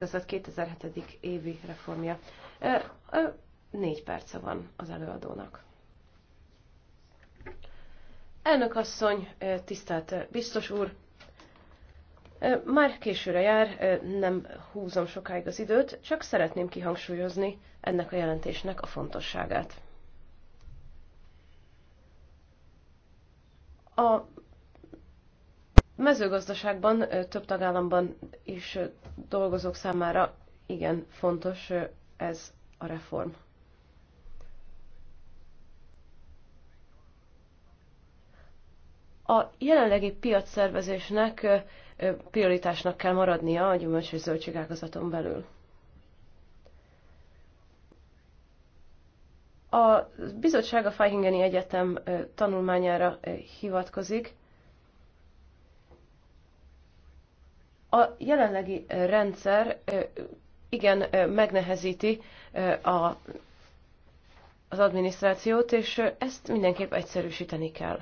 igazat 2007. évi reformja. Négy perce van az előadónak. Elnök asszony, tisztelt biztos úr, már későre jár, nem húzom sokáig az időt, csak szeretném kihangsúlyozni ennek a jelentésnek a fontosságát. A mezőgazdaságban több tagállamban is dolgozók számára igen fontos ez a reform. A jelenlegi piacszervezésnek prioritásnak kell maradnia a gyümölcs és zöldségágazaton belül. A bizottság a Feihingeni Egyetem tanulmányára hivatkozik, A jelenlegi rendszer igen megnehezíti a, az adminisztrációt, és ezt mindenképp egyszerűsíteni kell.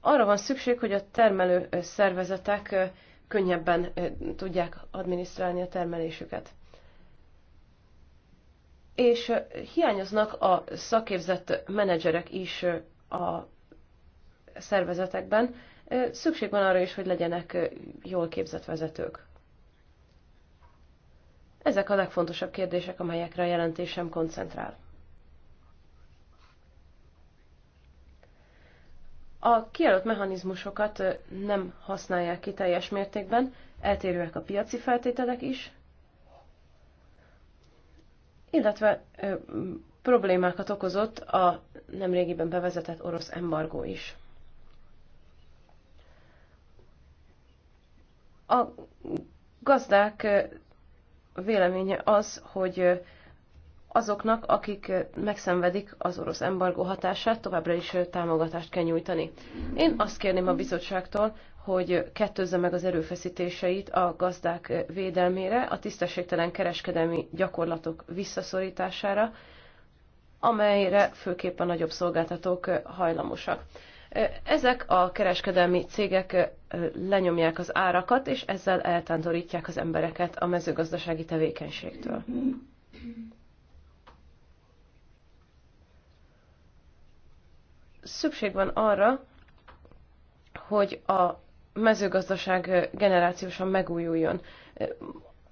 Arra van szükség, hogy a termelő szervezetek könnyebben tudják adminisztrálni a termelésüket. És hiányoznak a szakképzett menedzserek is a szervezetekben, szükség van arra is, hogy legyenek jól képzett vezetők. Ezek a legfontosabb kérdések, amelyekre a jelentésem koncentrál. A kijelölt mechanizmusokat nem használják ki teljes mértékben, eltérőek a piaci feltételek is, illetve ö, problémákat okozott a nemrégiben bevezetett orosz embargó is. A gazdák véleménye az, hogy azoknak, akik megszenvedik az orosz embargó hatását, továbbra is támogatást kell nyújtani. Én azt kérném a bizottságtól, hogy kettőzze meg az erőfeszítéseit a gazdák védelmére, a tisztességtelen kereskedelmi gyakorlatok visszaszorítására, amelyre főképp a nagyobb szolgáltatók hajlamosak. Ezek a kereskedelmi cégek lenyomják az árakat, és ezzel eltántorítják az embereket a mezőgazdasági tevékenységtől. Szükség van arra, hogy a mezőgazdaság generációsan megújuljon.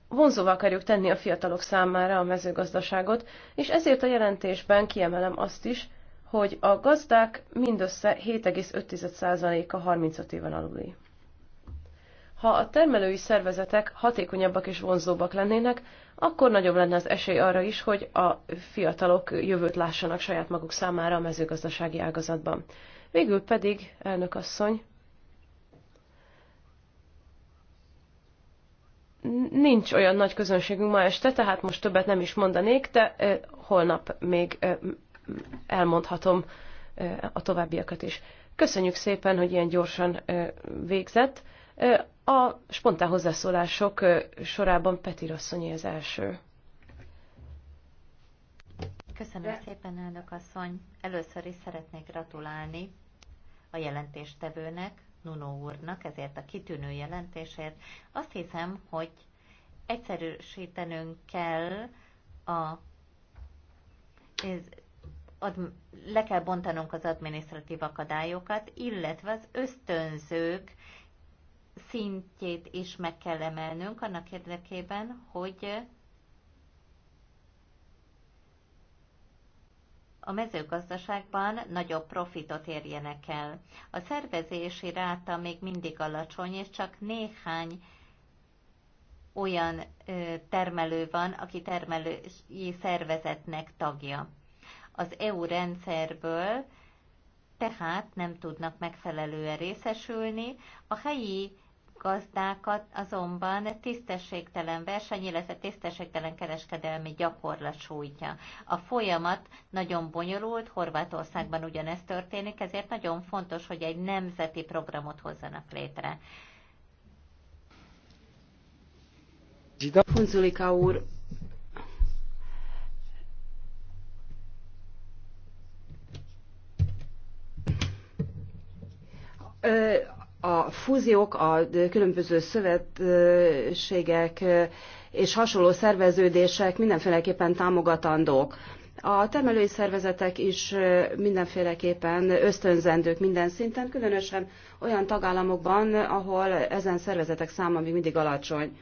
Vonzóvá akarjuk tenni a fiatalok számára a mezőgazdaságot, és ezért a jelentésben kiemelem azt is, hogy a gazdák mindössze 7,5%-a 35 éven aluli. Ha a termelői szervezetek hatékonyabbak és vonzóbbak lennének, akkor nagyobb lenne az esély arra is, hogy a fiatalok jövőt lássanak saját maguk számára a mezőgazdasági ágazatban. Végül pedig, elnök asszony, nincs olyan nagy közönségünk ma este, tehát most többet nem is mondanék, de holnap még elmondhatom a továbbiakat is. Köszönjük szépen, hogy ilyen gyorsan végzett. A spontán hozzászólások sorában Peti Rosszonyi az első. Köszönöm De... szépen, elnök asszony. Először is szeretnék gratulálni a jelentéstevőnek, Nuno úrnak, ezért a kitűnő jelentésért. Azt hiszem, hogy egyszerűsítenünk kell a ad, le kell bontanunk az adminisztratív akadályokat, illetve az ösztönzők szintjét is meg kell emelnünk annak érdekében, hogy a mezőgazdaságban nagyobb profitot érjenek el. A szervezési ráta még mindig alacsony, és csak néhány olyan termelő van, aki termelői szervezetnek tagja az EU rendszerből, tehát nem tudnak megfelelően részesülni. A helyi gazdákat azonban tisztességtelen verseny, illetve tisztességtelen kereskedelmi gyakorlat sújtja. A folyamat nagyon bonyolult, Horvátországban ugyanezt történik, ezért nagyon fontos, hogy egy nemzeti programot hozzanak létre. Funzulika úr, a fúziók, a különböző szövetségek és hasonló szerveződések mindenféleképpen támogatandók. A termelői szervezetek is mindenféleképpen ösztönzendők minden szinten, különösen olyan tagállamokban, ahol ezen szervezetek száma még mindig alacsony.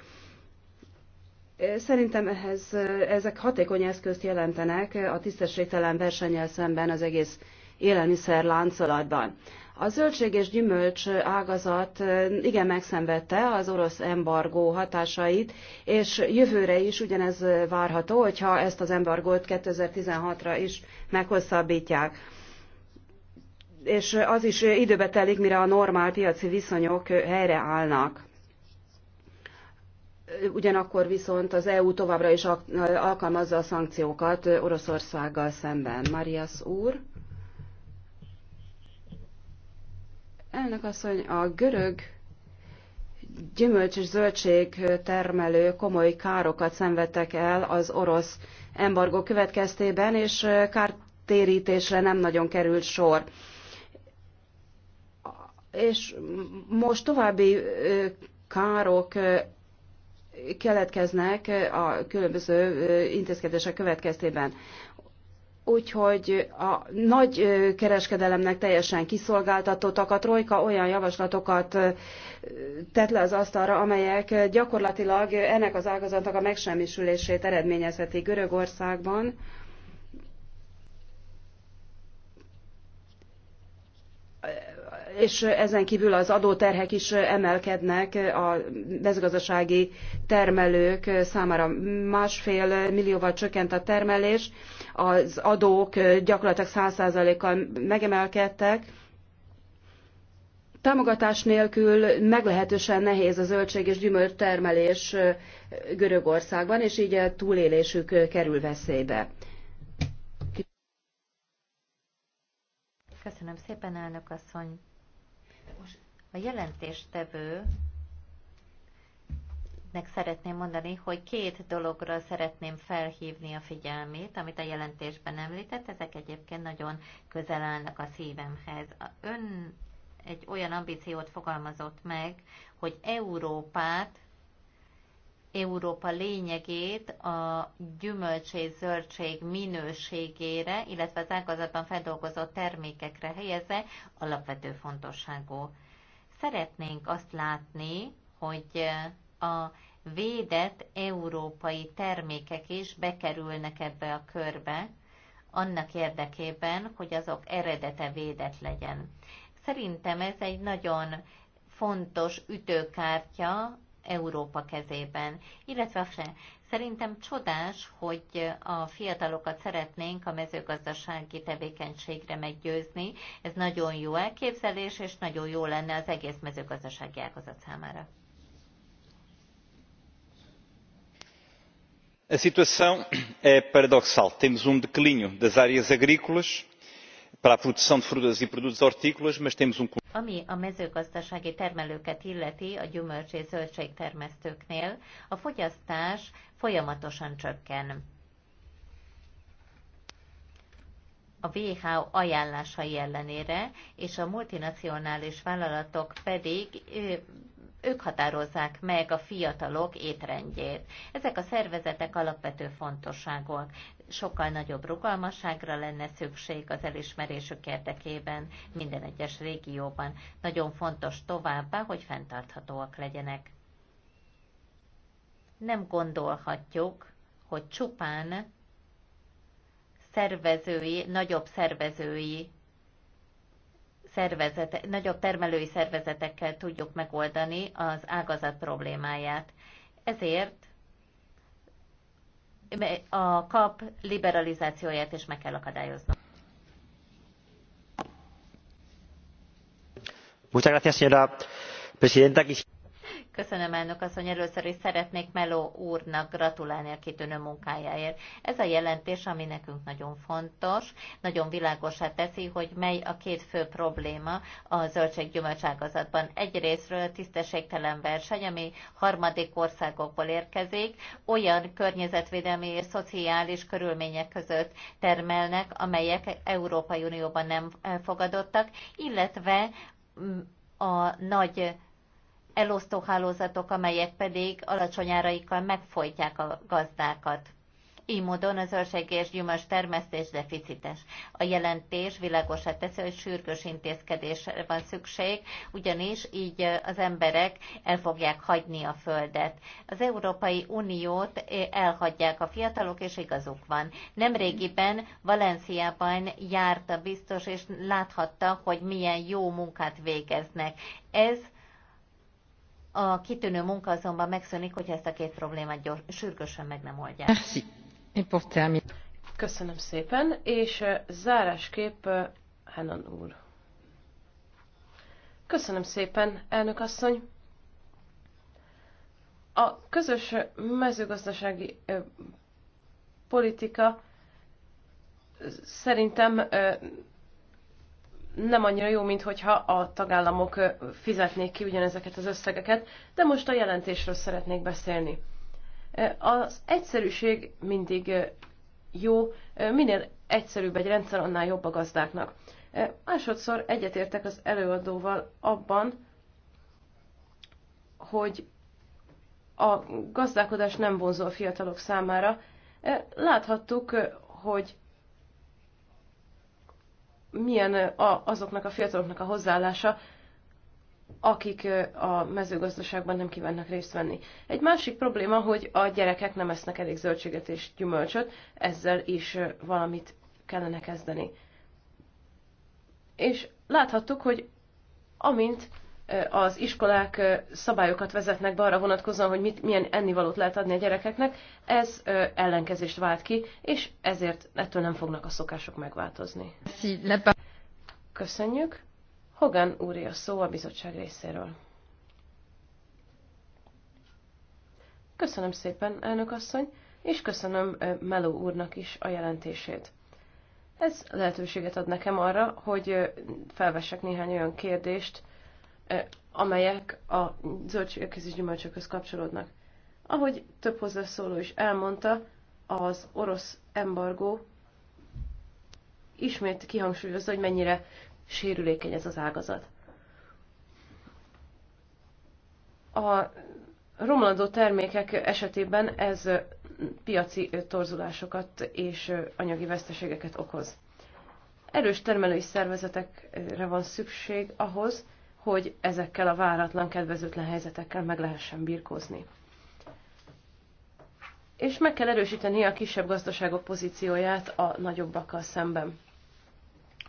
Szerintem ehhez, ezek hatékony eszközt jelentenek a tisztességtelen versennyel szemben az egész élelmiszer láncolatban. A zöldség és gyümölcs ágazat eh, igen megszenvedte az orosz embargó hatásait, és jövőre is ugyanez várható, hogyha ezt az embargót 2016-ra is meghosszabbítják. És az is időbe telik, mire a normál piaci viszonyok helyreállnak. Ugyanakkor viszont az EU továbbra is alkalmazza a szankciókat Oroszországgal szemben. Marias úr. Elnök asszony, a görög gyümölcs és zöldség termelő komoly károkat szenvedtek el az orosz embargó következtében, és kártérítésre nem nagyon került sor. És most további károk keletkeznek a különböző intézkedések következtében. Úgyhogy a nagy kereskedelemnek teljesen kiszolgáltatottak a trojka olyan javaslatokat tett le az asztalra, amelyek gyakorlatilag ennek az ágazatnak a megsemmisülését eredményezheti Görögországban. és ezen kívül az adóterhek is emelkednek a mezőgazdasági termelők számára. Másfél millióval csökkent a termelés, az adók gyakorlatilag 100%-kal megemelkedtek. Támogatás nélkül meglehetősen nehéz a zöldség és termelés Görögországban, és így a túlélésük kerül veszélybe. Köszönöm szépen, elnök asszony! A jelentéstevő nek szeretném mondani, hogy két dologra szeretném felhívni a figyelmét, amit a jelentésben említett, ezek egyébként nagyon közel állnak a szívemhez. Ön egy olyan ambíciót fogalmazott meg, hogy Európát, Európa lényegét a gyümölcs és zöldség minőségére, illetve az ágazatban feldolgozott termékekre helyezze alapvető fontosságú. Szeretnénk azt látni, hogy eh, a védett európai termékek is bekerülnek ebbe a körbe, annak érdekében, hogy azok eredete védett legyen. Szerintem ez egy nagyon fontos ütőkártya Európa kezében, illetve a Szerintem csodás, hogy a fiatalokat szeretnénk a mezőgazdasági tevékenységre meggyőzni. Ez nagyon jó elképzelés, és nagyon jó lenne az egész mezőgazdasági ágazat számára. A situação é e paradoxal. Temos um declínio das áreas agrícolas a e um Ami a mezőgazdasági termelőket illeti a gyümölcs és zöldségtermesztőknél, a fogyasztás folyamatosan csökken. a WHO ajánlásai ellenére, és a multinacionális vállalatok pedig ők határozzák meg a fiatalok étrendjét. Ezek a szervezetek alapvető fontosságúak. Sokkal nagyobb rugalmasságra lenne szükség az elismerésük érdekében minden egyes régióban. Nagyon fontos továbbá, hogy fenntarthatóak legyenek. Nem gondolhatjuk, hogy csupán szervezői, nagyobb szervezői szervezete, nagyobb termelői szervezetekkel tudjuk megoldani az ágazat problémáját. Ezért a kap liberalizációját is meg kell akadályozni. Muchas gracias, señora presidenta. Köszönöm, elnök asszony. Először is szeretnék Meló úrnak gratulálni a kitűnő munkájáért. Ez a jelentés, ami nekünk nagyon fontos, nagyon világosá teszi, hogy mely a két fő probléma a zöldséggyümölcságazatban. ágazatban. Egyrésztről tisztességtelen verseny, ami harmadik országokból érkezik, olyan környezetvédelmi és szociális körülmények között termelnek, amelyek Európai Unióban nem fogadottak, illetve a nagy elosztó hálózatok, amelyek pedig alacsony áraikkal megfojtják a gazdákat. Így módon az őrség és gyümölcs termesztés deficites. A jelentés világosra teszi, hogy sürgős intézkedésre van szükség, ugyanis így az emberek el fogják hagyni a földet. Az Európai Uniót elhagyják a fiatalok, és igazuk van. Nemrégiben Valenciában járt a biztos, és láthatta, hogy milyen jó munkát végeznek. Ez a kitűnő munka azonban megszűnik, hogyha ezt a két problémát gyors, sürgősen meg nem oldják. Merci. Köszönöm szépen, és zárásképp Henan úr. Köszönöm szépen, elnök asszony. A közös mezőgazdasági politika szerintem nem annyira jó, mint hogyha a tagállamok fizetnék ki ugyanezeket az összegeket, de most a jelentésről szeretnék beszélni. Az egyszerűség mindig jó, minél egyszerűbb egy rendszer, annál jobb a gazdáknak. Másodszor egyetértek az előadóval abban, hogy a gazdálkodás nem vonzó a fiatalok számára. Láthattuk, hogy milyen a, azoknak a fiataloknak a hozzáállása, akik a mezőgazdaságban nem kívánnak részt venni. Egy másik probléma, hogy a gyerekek nem esznek elég zöldséget és gyümölcsöt, ezzel is valamit kellene kezdeni. És láthattuk, hogy amint az iskolák szabályokat vezetnek be arra vonatkozóan, hogy mit, milyen ennivalót lehet adni a gyerekeknek, ez ellenkezést vált ki, és ezért ettől nem fognak a szokások megváltozni. Köszönjük. Hogan úri a szó a bizottság részéről. Köszönöm szépen, elnök asszony, és köszönöm Meló úrnak is a jelentését. Ez lehetőséget ad nekem arra, hogy felvessek néhány olyan kérdést, amelyek a zöldségekhez és gyümölcsökhöz kapcsolódnak. Ahogy több hozzászóló is elmondta, az orosz embargó ismét kihangsúlyozza, hogy mennyire sérülékeny ez az ágazat. A romlandó termékek esetében ez piaci torzulásokat és anyagi veszteségeket okoz. Erős termelői szervezetekre van szükség ahhoz, hogy ezekkel a váratlan, kedvezőtlen helyzetekkel meg lehessen birkózni. És meg kell erősíteni a kisebb gazdaságok pozícióját a nagyobbakkal szemben.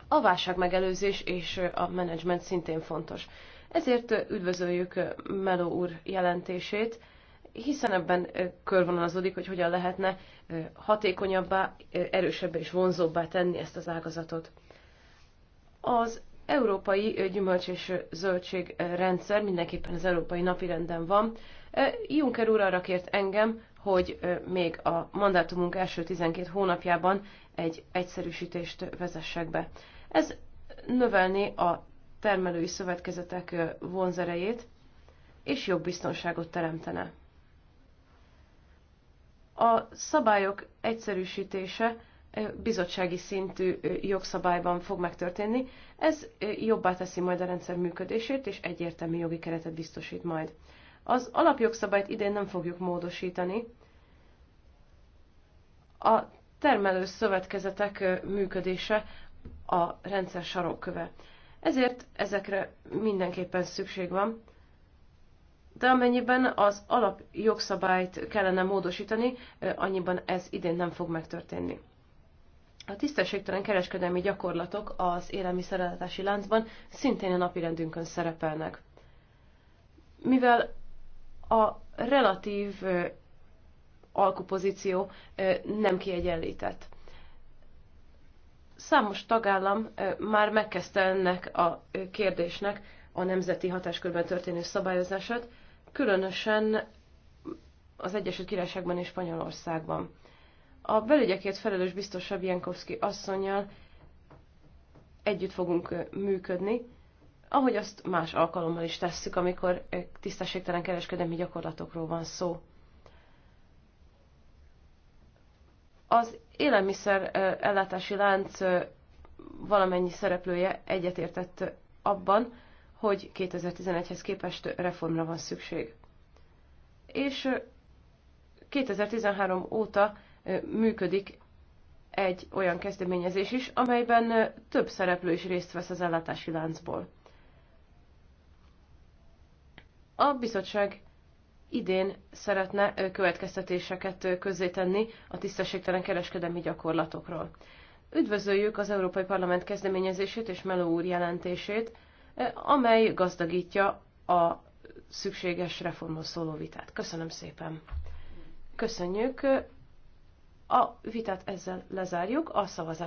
A válságmegelőzés és a menedzsment szintén fontos. Ezért üdvözöljük Meló úr jelentését, hiszen ebben körvonalazódik, hogy hogyan lehetne hatékonyabbá, erősebbé és vonzóbbá tenni ezt az ágazatot. Az európai gyümölcs és rendszer mindenképpen az európai napirenden van. Juncker úr arra kért engem, hogy még a mandátumunk első 12 hónapjában egy egyszerűsítést vezessek be. Ez növelni a termelői szövetkezetek vonzerejét, és jobb biztonságot teremtene. A szabályok egyszerűsítése bizottsági szintű jogszabályban fog megtörténni. Ez jobbá teszi majd a rendszer működését, és egyértelmű jogi keretet biztosít majd. Az alapjogszabályt idén nem fogjuk módosítani. A termelő szövetkezetek működése a rendszer sarokköve. Ezért ezekre mindenképpen szükség van. De amennyiben az alapjogszabályt kellene módosítani, annyiban ez idén nem fog megtörténni. A tisztességtelen kereskedelmi gyakorlatok az élelmiszerellátási láncban szintén a napirendünkön szerepelnek. Mivel a relatív alkupozíció nem kiegyenlített. Számos tagállam már megkezdte ennek a kérdésnek a nemzeti hatáskörben történő szabályozását, különösen az Egyesült Királyságban és Spanyolországban. A belügyekért felelős biztosabb Jankowski asszonyjal együtt fogunk működni, ahogy azt más alkalommal is tesszük, amikor tisztességtelen kereskedelmi gyakorlatokról van szó. Az élelmiszer ellátási lánc valamennyi szereplője egyetértett abban, hogy 2011-hez képest reformra van szükség. És 2013 óta működik egy olyan kezdeményezés is, amelyben több szereplő is részt vesz az ellátási láncból. A bizottság idén szeretne következtetéseket közzétenni a tisztességtelen kereskedelmi gyakorlatokról. Üdvözöljük az Európai Parlament kezdeményezését és Meló úr jelentését, amely gazdagítja a szükséges reformról szóló vitát. Köszönöm szépen! Köszönjük! A vitát ezzel lezárjuk, a szavazás